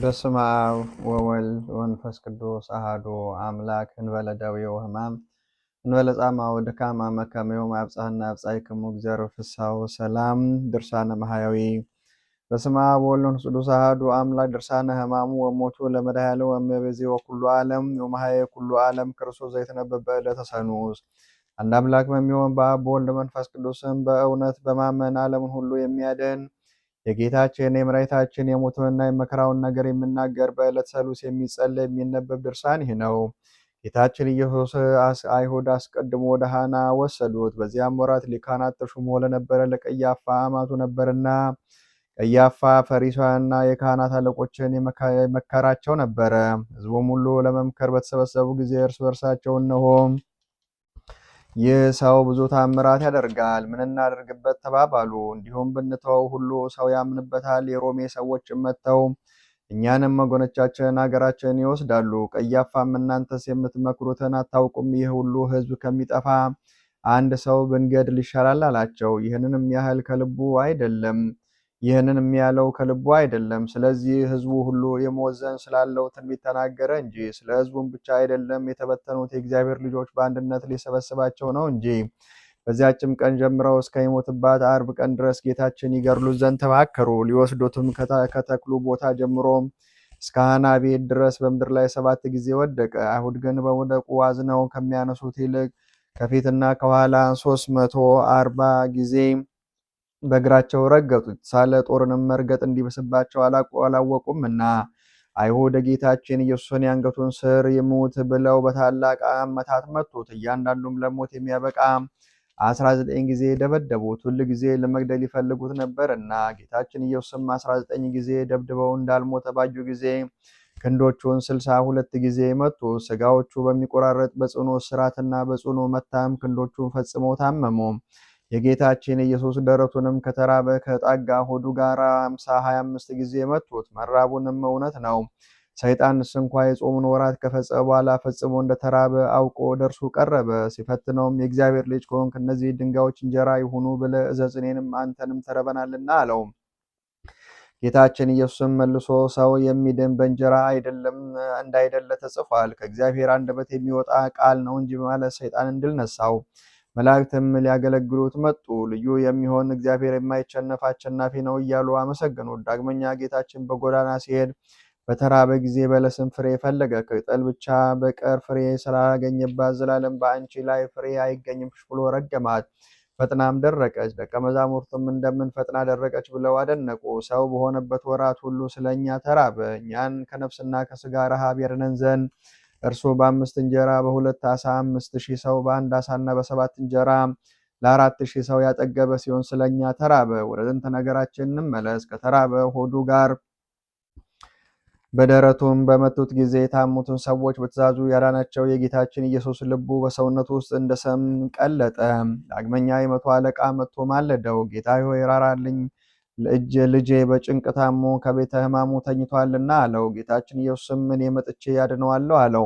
በስመ አብ ወወልድ ወመንፈስ ቅዱስ አሃዱ አምላክ እንበለ ደዌው ወሕማም እንበለ ጻማ ወድካም አመከመው አብጽሐና አብጻይክሙ እግዚአብሔር ፍሳው ሰላም ድርሳነ ማህያዊ በስመ አብ ወወልድ ወመንፈስ ቅዱስ አሃዱ አምላክ ድርሳነ ሕማሙ ወሞቱ ለመድኃኔዓለም ወእመቤዜ ወኩሉ ዓለም ወማህየ ኩሉ ዓለም ክርስቶስ ዘይትነበብ በዕለተ ሰኑስ አንድ አምላክ በሚሆን በአብ በወልድ መንፈስ ቅዱስም በእውነት በማመን ዓለምን ሁሉ የሚያድን የጌታችን የመድኃኒታችን የሞቱንና የመከራውን ነገር የሚናገር በዕለተ ሰሉስ የሚጸለይ የሚነበብ ድርሳን ይህ ነው። ጌታችን ኢየሱስ አይሁድ አስቀድሞ ወደ ሃና ወሰዱት። በዚያም ወራት ሊካናት ተሹሞ ለነበረ ለቀያፋ አማቱ ነበርና ቀያፋ ፈሪሳውያንና የካህናት አለቆችን የመከራቸው ነበረ። ሕዝቡም ሁሉ ለመምከር በተሰበሰቡ ጊዜ እርስ በርሳቸው እነሆም ይህ ሰው ብዙ ታምራት ያደርጋል፣ ምን እናደርግበት ተባባሉ። እንዲሁም ብንተወው ሁሉ ሰው ያምንበታል። የሮሜ ሰዎች መጥተው እኛንም ወገኖቻችን ሀገራችን ይወስዳሉ። ቀያፋም እናንተስ የምትመክሩትን አታውቁም? ይህ ሁሉ ሕዝብ ከሚጠፋ አንድ ሰው ብንገድል ይሻላል አላቸው። ይህንንም ያህል ከልቡ አይደለም ይህንን የሚያለው ከልቡ አይደለም። ስለዚህ ህዝቡ ሁሉ የመወዘን ስላለው ትንቢት ተናገረ እንጂ ስለ ህዝቡን ብቻ አይደለም። የተበተኑት የእግዚአብሔር ልጆች በአንድነት ሊሰበስባቸው ነው እንጂ። በዚያችም ቀን ጀምረው እስከ ይሞትባት አርብ ቀን ድረስ ጌታችን ይገድሉት ዘንድ ተማከሩ። ሊወስዱትም ከተክሉ ቦታ ጀምሮ እስከ ሐና ቤት ድረስ በምድር ላይ ሰባት ጊዜ ወደቀ። አይሁድ ግን በመውደቁ አዝነው ከሚያነሱት ይልቅ ከፊትና ከኋላ ሶስት መቶ አርባ ጊዜ በእግራቸው ረገጡት፣ ሳለ ጦርንም መርገጥ እንዲበስባቸው እና አይሁድ ጌታችን ኢየሱስን የአንገቱን ስር ይሙት ብለው በታላቅ አመታት መቱት። እያንዳንዱም ለሞት የሚያበቃ 19 ጊዜ ደበደቡት። ሁል ጊዜ ለመግደል ይፈልጉት ነበር እና ጌታችን ኢየሱስም 19 ጊዜ ደብድበው እንዳልሞተ ባዩ ጊዜ ክንዶቹን 62 ሁለት ጊዜ መቱ። ስጋዎቹ በሚቆራረጥ በጽኑ ስራትና በጽኑ መታም ክንዶቹን ፈጽመው ታመሙ። የጌታችን ኢየሱስ ደረቱንም ከተራበ ከጠጋ ሆዱ ጋር አምሳ ሀያ አምስት ጊዜ መቱት። መራቡንም እውነት ነው። ሰይጣንስ እንኳ የጾሙን ወራት ከፈጸመ በኋላ ፈጽሞ እንደተራበ አውቆ ደርሱ ቀረበ። ሲፈትነውም የእግዚአብሔር ልጅ ከሆንክ እነዚህ ድንጋዮች እንጀራ ይሁኑ ብለ እዘዝ፣ እኔንም አንተንም ተርበናልና አለው። ጌታችን ኢየሱስም መልሶ ሰው የሚድን በእንጀራ አይደለም እንዳይደለ ተጽፏል፣ ከእግዚአብሔር አንደበት የሚወጣ ቃል ነው እንጂ ማለት ሰይጣን እንድል ነሳው። መላእክትም ሊያገለግሉት መጡ። ልዩ የሚሆን እግዚአብሔር የማይቸነፍ አሸናፊ ነው እያሉ አመሰገኑት። ዳግመኛ ጌታችን በጎዳና ሲሄድ በተራበ ጊዜ በለስም ፍሬ ፈለገ። ቅጠል ብቻ በቀር ፍሬ ስላገኘባት ዘላለም በአንቺ ላይ ፍሬ አይገኝም ብሎ ረገማት። ፈጥናም ደረቀች። ደቀ መዛሙርቱም እንደምን ፈጥና ደረቀች ብለው አደነቁ። ሰው በሆነበት ወራት ሁሉ ስለኛ ተራበ። እኛን ከነፍስና ከስጋ ረሃብ ያድነን ዘንድ እርሱ በአምስት እንጀራ በሁለት ዓሳ አምስት ሺህ ሰው በአንድ ዓሣና በሰባት እንጀራ ለአራት ሺህ ሰው ያጠገበ ሲሆን ስለኛ ተራበ። ወደ ጥንት ነገራችን እንመለስ። ከተራበ ሆዱ ጋር በደረቱም በመቱት ጊዜ የታሙትን ሰዎች በትእዛዙ ያዳናቸው የጌታችን ኢየሱስ ልቡ በሰውነቱ ውስጥ እንደ ሰም ቀለጠ። ዳግመኛ የመቶ አለቃ መጥቶ ማለደው፣ ጌታ ሆይ ራራልኝ ልጄ በጭንቅ ታሞ ከቤተ ሕማሙ ተኝቷልና አለው። ጌታችን ኢየሱስም እኔ መጥቼ ያድነዋለሁ አለው።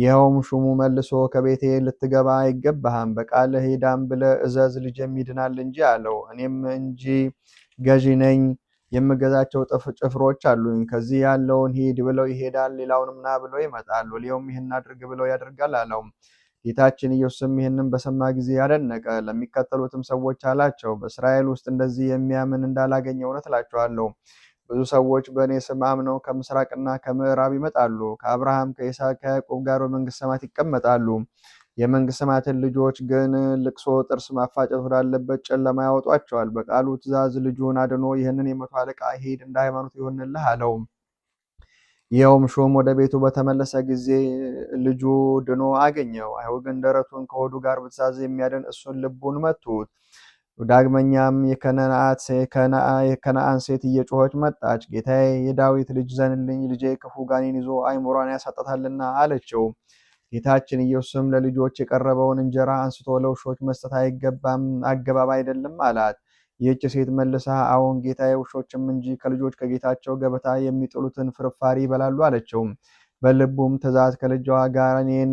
ይኸውም ሹሙ መልሶ ከቤቴ ልትገባ አይገባህም፣ በቃልህ ሄዳም ብለ እዘዝ፣ ልጄም ይድናል እንጂ አለው። እኔም እንጂ ገዢ ነኝ፣ የምገዛቸው ጭፍሮች አሉኝ። ከዚህ ያለውን ሂድ ብለው ይሄዳል፣ ሌላውንም ና ብለው ይመጣል፣ ወዲያውም ይህን አድርግ ብለው ያደርጋል አለው። ጌታችን ኢየሱስም ይህንን በሰማ ጊዜ ያደነቀ፣ ለሚከተሉትም ሰዎች አላቸው፣ በእስራኤል ውስጥ እንደዚህ የሚያምን እንዳላገኘ እውነት እላችኋለሁ። ብዙ ሰዎች በእኔ ስም አምነው ከምስራቅና ከምዕራብ ይመጣሉ፣ ከአብርሃም ከይስሐቅ፣ ከያዕቆብ ጋር በመንግስተ ሰማት ይቀመጣሉ። የመንግስት ሰማትን ልጆች ግን ልቅሶ፣ ጥርስ ማፋጨት ወዳለበት ጨለማ ያወጧቸዋል። በቃሉ ትእዛዝ ልጁን አድኖ ይህንን የመቶ አለቃ ሂድ፣ እንደ ሃይማኖት ይሆንልህ አለው። ይኸውም ሹም ወደ ቤቱ በተመለሰ ጊዜ ልጁ ድኖ አገኘው። አይሁድ ግን ደረቱን ከሆዱ ጋር በትእዛዝ የሚያድን እሱን ልቡን መቱት። ዳግመኛም የከነአን ሴት እየጮኸች መጣች፣ ጌታዬ የዳዊት ልጅ ዘንልኝ፣ ልጄ ክፉ ጋኔን ይዞ አይምሯን ያሳጣታልና አለችው። ጌታችን ኢየሱስም ለልጆች የቀረበውን እንጀራ አንስቶ ለውሾች መስጠት አይገባም፣ አገባብ አይደለም አላት። ይህች ሴት መልሳ አዎን ጌታዬ፣ ውሾችም እንጂ ከልጆች ከጌታቸው ገበታ የሚጥሉትን ፍርፋሪ ይበላሉ አለችው። በልቡም ትእዛዝ ከልጇ ጋኔን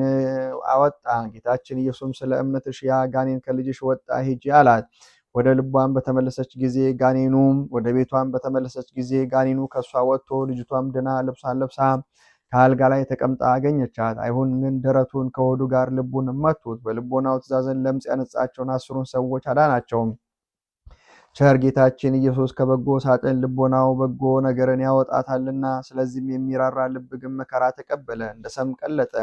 አወጣ። ጌታችን ኢየሱስም ስለ እምነትሽ ያ ጋኔን ከልጅሽ ወጣ፣ ሂጂ አላት። ወደ ልቧን በተመለሰች ጊዜ ጋኔኑ ወደ ቤቷን በተመለሰች ጊዜ ጋኔኑ ከእሷ ወጥቶ ልጅቷም ድና ልብሷን ለብሳ ከአልጋ ላይ ተቀምጣ አገኘቻት። አይሁን ግን ደረቱን ከሆዱ ጋር ልቡን መቱት። በልቦናው ትእዛዝን ለምጽ ያነጻቸውን አስሩን ሰዎች አዳናቸው። ቸር ጌታችን ኢየሱስ ከበጎ ሳጥን ልቦናው በጎ ነገርን ያወጣታልና ስለዚህም የሚራራ ልብ ግን መከራ ተቀበለ፣ እንደ ሰም ቀለጠ።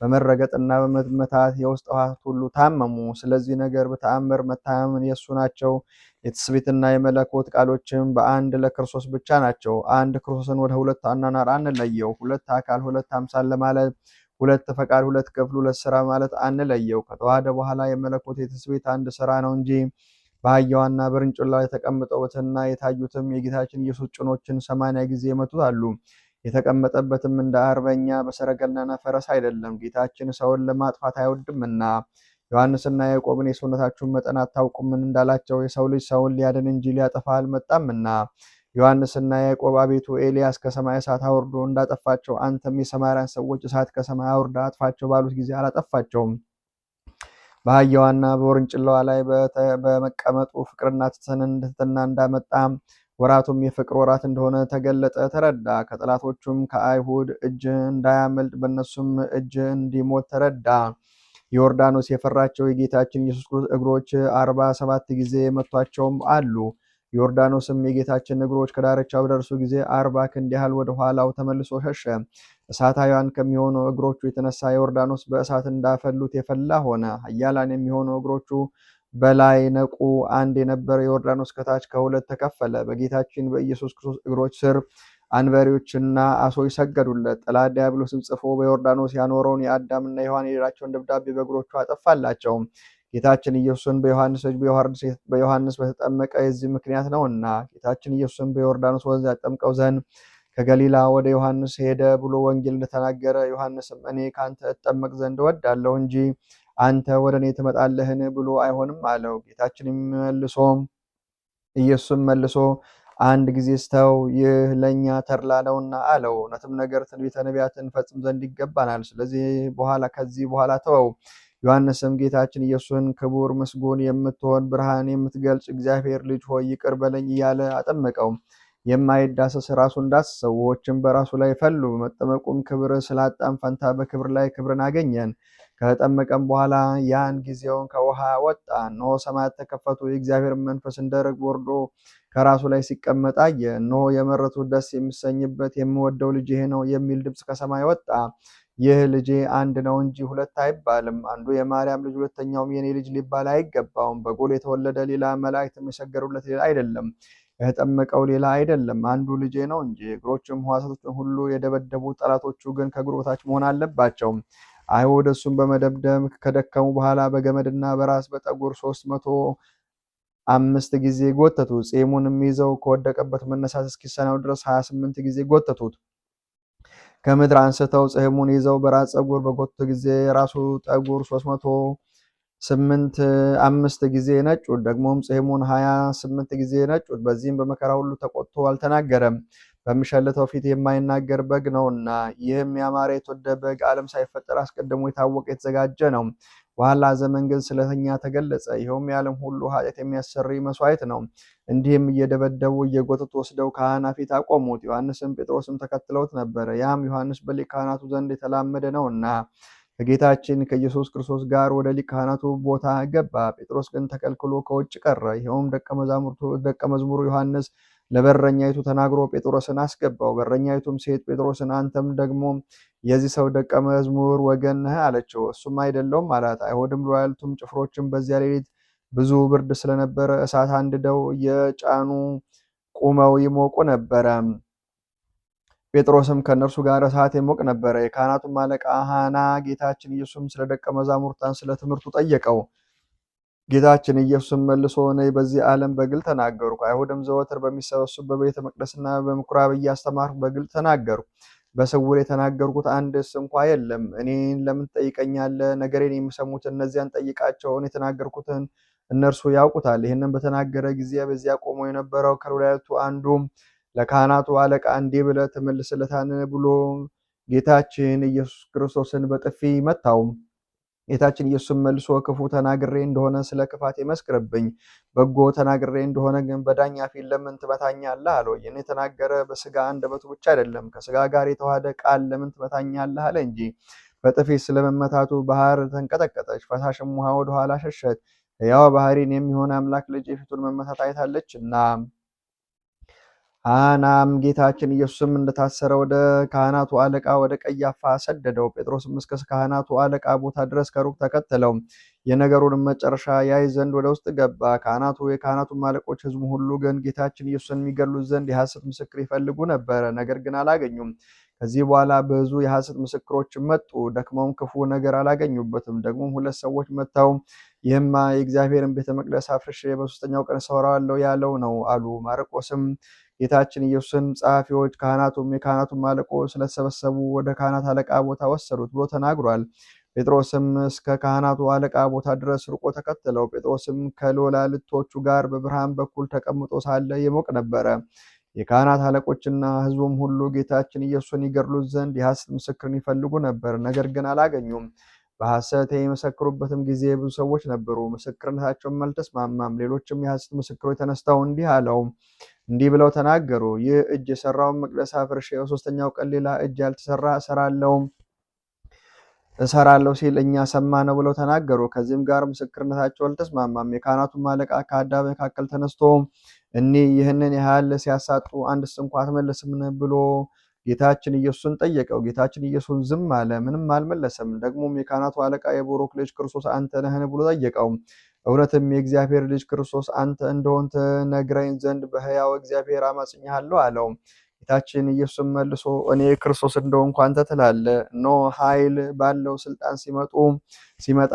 በመረገጥና በመመታት የውስጥ ውሃት ሁሉ ታመሙ። ስለዚህ ነገር በተአምር መታመን የእሱ ናቸው። የትስቢትና የመለኮት ቃሎችም በአንድ ለክርስቶስ ብቻ ናቸው። አንድ ክርስቶስን ወደ ሁለት አናናር አንለየው። ሁለት አካል ሁለት አምሳል ለማለት ሁለት ፈቃድ ሁለት ክፍል ሁለት ስራ ማለት አንለየው። ከተዋደ በኋላ የመለኮት የትስቢት አንድ ስራ ነው እንጂ በአህያዋና በርንጭላ ላይ ተቀምጠውትና የታዩትም የጌታችን ኢየሱስ ጭኖችን ሰማንያ ጊዜ አሉ። የተቀመጠበትም እንደ አርበኛ በሰረገላና ፈረስ አይደለም፣ ጌታችን ሰውን ለማጥፋት አይወድምና። ዮሐንስና ያዕቆብን የሰውነታችሁን መጠን አታውቁምን እንዳላቸው የሰው ልጅ ሰውን ሊያድን እንጂ ሊያጠፋ አልመጣምና። ዮሐንስና ያዕቆብ አቤቱ ኤልያስ ከሰማይ እሳት አውርዶ እንዳጠፋቸው አንተም የሰማርያን ሰዎች እሳት ከሰማይ አውርዳ አጥፋቸው ባሉት ጊዜ አላጠፋቸውም። በአህያዋና በውርንጭላዋ ላይ በመቀመጡ ፍቅርና ትህትና እንዳመጣ ወራቱም የፍቅር ወራት እንደሆነ ተገለጠ፣ ተረዳ። ከጠላቶቹም ከአይሁድ እጅ እንዳያመልጥ በእነሱም እጅ እንዲሞት ተረዳ። ዮርዳኖስ የፈራቸው የጌታችን ኢየሱስ እግሮች አርባ ሰባት ጊዜ መቷቸውም አሉ። ዮርዳኖስም የጌታችን እግሮች ከዳርቻው በደርሱ ጊዜ አርባ ክንድ ያህል ወደ ኋላው ተመልሶ ሸሸ። እሳታውያን ከሚሆኑ እግሮቹ የተነሳ ዮርዳኖስ በእሳት እንዳፈሉት የፈላ ሆነ። ኃያላን የሚሆኑ እግሮቹ በላይ ነቁ። አንድ የነበረ ዮርዳኖስ ከታች ከሁለት ተከፈለ። በጌታችን በኢየሱስ ክርስቶስ እግሮች ስር አንበሪዎችና አሶች ሰገዱለት። ጠላት ዲያብሎስም ጽፎ በዮርዳኖስ ያኖረውን የአዳምና የሔዋን የሌላቸውን ደብዳቤ በእግሮቹ አጠፋላቸው። ጌታችን ኢየሱስን በዮሐንስ እጅ በዮሐንስ በተጠመቀ የዚህ ምክንያት ነውና ጌታችን ኢየሱስን በዮርዳኖስ ወንዝ ያጠምቀው ዘንድ ከገሊላ ወደ ዮሐንስ ሄደ ብሎ ወንጌል እንደተናገረ ዮሐንስም እኔ ከአንተ እጠመቅ ዘንድ እወዳለሁ እንጂ አንተ ወደ እኔ ትመጣለህን ብሎ አይሆንም አለው። ጌታችን መልሶ ኢየሱስም መልሶ አንድ ጊዜ ስተው ይህ ለእኛ ተድላ ነውና አለው። እውነትም ነገር ትንቢተ ነቢያትን ፈጽም ዘንድ ይገባናል። ስለዚህ በኋላ ከዚህ በኋላ ተወው ዮሐንስም ጌታችን ኢየሱስን ክቡር፣ ምስጉን የምትሆን ብርሃን የምትገልጽ እግዚአብሔር ልጅ ሆይ ይቅር በለኝ እያለ አጠመቀው። የማይዳሰስ ራሱ ዳሰሰው፣ ሰዎችም በራሱ ላይ ፈሉ። መጠመቁም ክብር ስላጣም ፈንታ በክብር ላይ ክብርን አገኘን። ከጠመቀም በኋላ ያን ጊዜውን ከውሃ ወጣ። እነሆ ሰማያት ተከፈቱ፣ የእግዚአብሔር መንፈስ እንደ ርግብ ወርዶ ከራሱ ላይ ሲቀመጥ አየ። እነሆ የመረቱ ደስ የሚሰኝበት የምወደው ልጅ ይሄ ነው የሚል ድምፅ ከሰማይ ወጣ። ይህ ልጄ አንድ ነው እንጂ ሁለት አይባልም፣ አንዱ የማርያም ልጅ ሁለተኛውም የኔ ልጅ ሊባል አይገባውም። በጎል የተወለደ ሌላ፣ መላእክት የሚሰገሩለት ሌላ አይደለም፣ የተጠመቀው ሌላ አይደለም፣ አንዱ ልጄ ነው እንጂ። እግሮቹም ሕዋሳቶቹን ሁሉ የደበደቡ ጠላቶቹ ግን ከእግሩ በታች መሆን አለባቸው። አይሁድ እሱን በመደብደብ ከደከሙ በኋላ በገመድና በራስ በጠጉር ሶስት መቶ አምስት ጊዜ ጎተቱት። ጺሙንም ይዘው ከወደቀበት መነሳት እስኪሰናው ድረስ ሀያ ስምንት ጊዜ ጎተቱት። ከምድር አንስተው ጽህሙን ይዘው በራስ ጸጉር በጎቱ ጊዜ የራሱ ጠጉር ሶስት መቶ ስምንት አምስት ጊዜ ነጩት። ደግሞም ጽህሙን ሀያ ስምንት ጊዜ ነጩት። በዚህም በመከራ ሁሉ ተቆጥቶ አልተናገረም። በሚሸልተው ፊት የማይናገር በግ ነውና፣ ይህም ያማረ የተወደደ በግ ዓለም ሳይፈጠር አስቀድሞ የታወቀ የተዘጋጀ ነው። በኋላ ዘመን ግን ስለኛ ተገለጸ። ይኸውም የዓለም ሁሉ ኃጢአት የሚያሰሪ መስዋዕት ነው። እንዲህም እየደበደቡ እየጎተቱ ወስደው ካህና ፊት አቆሙት። ዮሐንስም ጴጥሮስም ተከትለውት ነበረ። ያም ዮሐንስ በሊቀ ካህናቱ ዘንድ የተላመደ ነውና ከጌታችን ከኢየሱስ ክርስቶስ ጋር ወደ ሊቀ ካህናቱ ቦታ ገባ። ጴጥሮስ ግን ተከልክሎ ከውጭ ቀረ። ይኸውም ደቀ መዝሙሩ ዮሐንስ ለበረኛይቱ ተናግሮ ጴጥሮስን አስገባው። በረኛይቱም ሴት ጴጥሮስን አንተም ደግሞ የዚህ ሰው ደቀ መዝሙር ወገን ነህ አለችው። እሱም አይደለውም አላት። አይሁድም ሎያልቱም ጭፍሮችም በዚያ ሌሊት ብዙ ብርድ ስለነበረ እሳት አንድደው የጫኑ ቁመው ይሞቁ ነበረ። ጴጥሮስም ከእነርሱ ጋር እሳት ይሞቅ ነበረ። የካህናቱም አለቃ ሐና ጌታችን ኢየሱስም ስለ ደቀ መዛሙርታን ስለ ትምህርቱ ጠየቀው። ጌታችን ኢየሱስም መልሶ እኔ በዚህ ዓለም በግል ተናገርኩ፣ አይሁድም ዘወትር በሚሰበሱበት በቤተ መቅደስና በምኩራብ እያስተማርኩ በግል ተናገርኩ። በስውር የተናገርኩት አንድስ እንኳ የለም። እኔን ለምን ትጠይቀኛለህ? ነገሬን የሚሰሙት እነዚያን ጠይቃቸውን፣ የተናገርኩትን እነርሱ ያውቁታል። ይህንም በተናገረ ጊዜ በዚያ ቆሞ የነበረው ከወላይቱ አንዱ ለካህናቱ አለቃ እንዲህ ብለህ ትመልስለታን ብሎ ጌታችን ኢየሱስ ክርስቶስን በጥፊ መታው። ጌታችን ኢየሱስ መልሶ ክፉ ተናግሬ እንደሆነ ስለ ክፋት ይመስክርብኝ በጎ ተናግሬ እንደሆነ ግን በዳኛ ፊት ለምን ትመታኛለህ አለው። ይህን የተናገረ በስጋ አንደበቱ ብቻ አይደለም፣ ከስጋ ጋር የተዋሃደ ቃል ለምን ትመታኛለህ አለ እንጂ። በጥፊት ስለመመታቱ ባህር ተንቀጠቀጠች፣ ፈሳሽም ውሃ ወደኋላ ሸሸት። ያው ባህሪን የሚሆን አምላክ ልጅ የፊቱን መመታት አይታለችና ሐናም ጌታችን ኢየሱስም እንደታሰረ ወደ ካህናቱ አለቃ ወደ ቀያፋ ሰደደው። ጴጥሮስም እስከ ካህናቱ አለቃ ቦታ ድረስ ከሩቅ ተከተለው፣ የነገሩንም መጨረሻ ያይ ዘንድ ወደ ውስጥ ገባ። ካህናቱ፣ የካህናቱም አለቆች፣ ህዝቡ ሁሉ ግን ጌታችን ኢየሱስን የሚገሉት ዘንድ የሐሰት ምስክር ይፈልጉ ነበረ፣ ነገር ግን አላገኙም። ከዚህ በኋላ ብዙ የሐሰት ምስክሮች መጡ፣ ደክመውም ክፉ ነገር አላገኙበትም። ደግሞ ሁለት ሰዎች መጥተው ይህማ የእግዚአብሔርን ቤተ መቅደስ አፍርሼ በሶስተኛው ቀን እሠራዋለሁ ያለው ነው አሉ። ማርቆስም ጌታችን ኢየሱስን ጸሐፊዎች፣ ካህናቱም የካህናቱም አለቆ ስለተሰበሰቡ ወደ ካህናት አለቃ ቦታ ወሰዱት ብሎ ተናግሯል። ጴጥሮስም እስከ ካህናቱ አለቃ ቦታ ድረስ ርቆ ተከተለው። ጴጥሮስም ከሎላልቶቹ ጋር በብርሃን በኩል ተቀምጦ ሳለ የሞቅ ነበረ። የካህናት አለቆችና ሕዝቡም ሁሉ ጌታችን ኢየሱስን ይገድሉት ዘንድ የሐሰት ምስክርን ይፈልጉ ነበር፣ ነገር ግን አላገኙም። በሐሰት የመሰክሩበትም ጊዜ ብዙ ሰዎች ነበሩ። ምስክርነታቸውም አልተስማማም። ሌሎችም የሐሰት ምስክሮች ተነስተው እንዲህ አለው እንዲህ ብለው ተናገሩ። ይህ እጅ የሰራውን መቅደስ አፍርሽ በሶስተኛው ቀን ሌላ እጅ ያልተሰራ እሰራለውም እሰራለሁ ሲል እኛ ሰማ ነው ብለው ተናገሩ። ከዚህም ጋር ምስክርነታቸው አልተስማማም። የካህናቱም አለቃ ከአዳ መካከል ተነስቶ እኒ ይህንን ያህል ሲያሳጡ አንድስ እንኳ አትመልስምን ብሎ ጌታችን ኢየሱስን ጠየቀው። ጌታችን ኢየሱስን ዝም አለ፣ ምንም አልመለሰም። ደግሞም የካህናቱ አለቃ የብሩክ ልጅ ክርስቶስ አንተ ነህን ብሎ ጠየቀው። እውነትም የእግዚአብሔር ልጅ ክርስቶስ አንተ እንደሆን ትነግረኝ ዘንድ በሕያው እግዚአብሔር አማጽኛለሁ አለው። ጌታችን ኢየሱስ መልሶ እኔ ክርስቶስ እንደሆንኩ አንተ ትላለህ። ኖ ኃይል ባለው ስልጣን ሲመጡ ሲመጣ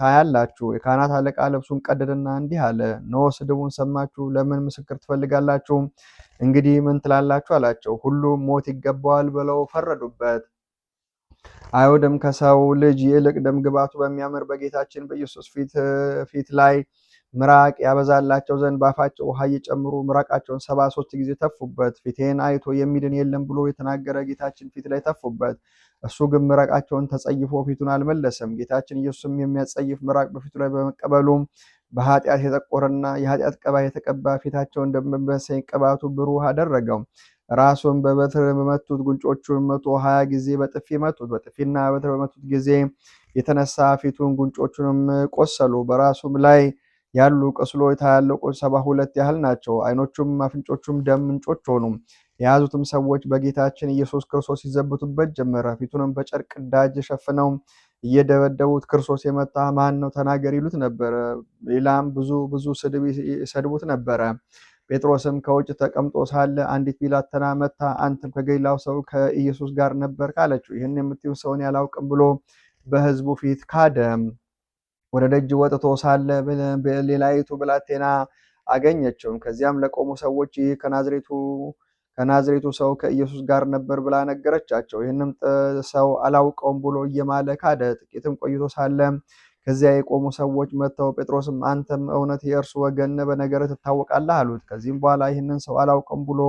ታያላችሁ። የካህናት አለቃ ልብሱን ቀደደና እንዲህ አለ፣ ኖ ስድቡን ሰማችሁ፣ ለምን ምስክር ትፈልጋላችሁ? እንግዲህ ምን ትላላችሁ አላቸው። ሁሉም ሞት ይገባዋል ብለው ፈረዱበት። አይወድም ከሰው ልጅ ይልቅ ደም ግባቱ በሚያምር በጌታችን በኢየሱስ ፊት ላይ ምራቅ ያበዛላቸው ዘንድ ባፋቸው ውሃ እየጨምሩ ምራቃቸውን ሰባ ሶስት ጊዜ ተፉበት። ፊቴን አይቶ የሚድን የለም ብሎ የተናገረ ጌታችን ፊት ላይ ተፉበት። እሱ ግን ምራቃቸውን ተጸይፎ ፊቱን አልመለሰም። ጌታችን ኢየሱስም የሚያጸይፍ ምራቅ በፊቱ ላይ በመቀበሉም በኃጢአት የጠቆረና የኃጢአት ቅባ የተቀባ ፊታቸውን እንደሚመሰኝ ቅባቱ ብሩህ አደረገው። ራሱን በበትር በመቱት ጉንጮቹን መቶ ሀያ ጊዜ በጥፊ መቱት። በጥፊና በበትር በመቱት ጊዜ የተነሳ ፊቱን ጉንጮቹንም ቆሰሉ። በራሱም ላይ ያሉ ቅስሎ ታያለቁ ሰባ ሁለት ያህል ናቸው። አይኖቹም አፍንጮቹም ደም ምንጮች ሆኑ። የያዙትም ሰዎች በጌታችን ኢየሱስ ክርስቶስ ይዘብቱበት ጀመረ። ፊቱንም በጨርቅ ዳጅ ሸፍነው እየደበደቡት ክርስቶስ የመታ ማን ነው? ተናገር ይሉት ነበረ። ሌላም ብዙ ብዙ ስድብ ይሰድቡት ነበረ። ጴጥሮስም ከውጭ ተቀምጦ ሳለ አንዲት ቢላተና መታ፣ አንተም ከገሊላው ሰው ከኢየሱስ ጋር ነበር ካለችው ይህን የምትይውን ሰውን ያላውቅም ብሎ በህዝቡ ፊት ካደ። ወደ ደጅ ወጥቶ ሳለ ሌላይቱ ብላቴና አገኘችውም። ከዚያም ለቆሙ ሰዎች ይህ ከናዝሬቱ ከናዝሬቱ ሰው ከኢየሱስ ጋር ነበር ብላ ነገረቻቸው። ይህንም ሰው አላውቀውም ብሎ እየማለ ካደ። ጥቂትም ቆይቶ ሳለ ከዚያ የቆሙ ሰዎች መጥተው ጴጥሮስም አንተም እውነት የእርሱ ወገን በነገር ትታወቃለህ አሉት። ከዚህም በኋላ ይህንን ሰው አላውቅም ብሎ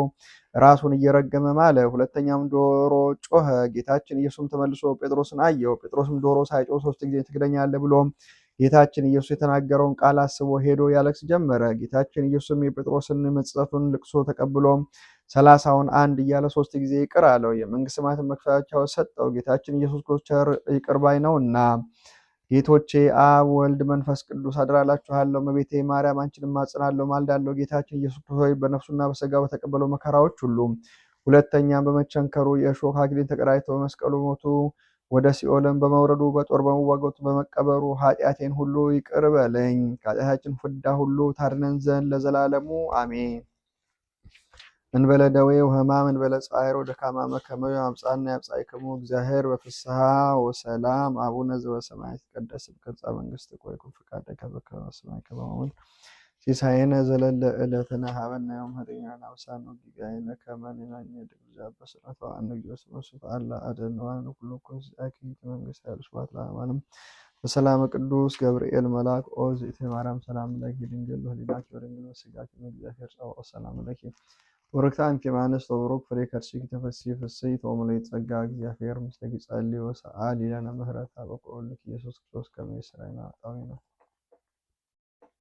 ራሱን እየረገመ ማለ። ሁለተኛም ዶሮ ጮኸ። ጌታችን ኢየሱስም ተመልሶ ጴጥሮስን አየው። ጴጥሮስም ዶሮ ሳይጮህ ሶስት ጊዜ ትክደኛለህ ብሎ ጌታችን ኢየሱስ የተናገረውን ቃል አስቦ ሄዶ ያለቅስ ጀመረ። ጌታችን ኢየሱስም የጴጥሮስን መጸጸቱን ልቅሶ ተቀብሎ ሰላሳውን አንድ እያለ ሶስት ጊዜ ይቅር አለው። የመንግስት ስማትን መክፈቻው ሰጠው። ጌታችን ኢየሱስ ክርስቶስ ቸር ይቅር ባይ ነውና ጌቶቼ አብ ወልድ መንፈስ ቅዱስ አድራላችኋለሁ። እመቤቴ ማርያም አንቺንም ማጽናለሁ፣ ማልዳለሁ። ጌታችን ኢየሱስ ክርስቶስ ሆይ በነፍሱና በስጋው በተቀበለው መከራዎች ሁሉ ሁለተኛም በመቸንከሩ የእሾህ አክሊል ተቀዳጅቶ በመስቀሉ ሞቱ ወደ ሲኦልን በመውረዱ በጦር በመዋገቱ በመቀበሩ ኃጢአቴን ሁሉ ይቅር በለኝ፣ ከኃጢአታችን ፍዳ ሁሉ ታድነን ዘንድ ለዘላለሙ አሜን። እንበለ ደዌው ህማም እንበለ ጻዕሮ ደካማ መከመዩ አምጻና ያብጻዕክሙ እግዚአብሔር በፍስሐ ወሰላም አቡነ ዘበሰማያት ይትቀደስ ስምከ ትምጻእ መንግሥትከ ወይኩን ፈቃድከ በከመ በሰማይ ከማሁ በምድር ሲሳየነ ዘለለ ዕለትነ ሀበነ ዮም ኅጢአትነ አበሳነ ወጌጋየነ ከመ ንሕነኒ አድግ በስርዓት በአነ ጊዮስ አላ አደነ ኩሉ ሲሳይ መንግስት ኃይል ስብሐት ለአብ በሰላም ቅዱስ ገብርኤል መልአክ ኦ ዝእቲ ማርያም ሰላም ለኪ ድንግል በኅሊናኪ ወድንግል በሥጋኪ እግዚአብሔር ጸባኦት ሰላም ለኪ ወረክታን ኬማነስ ተብሮክ ፍሬ ከርሲክ ተፈሲ ፍስይ ተወምሎ ይጸጋ እግዚአብሔር ምስለ ጊጸሊ ወሰአል ይለነ ምህረታ በቆልክ ኢየሱስ ክርስቶስ ከመይ ስራይና አጣዊ ነው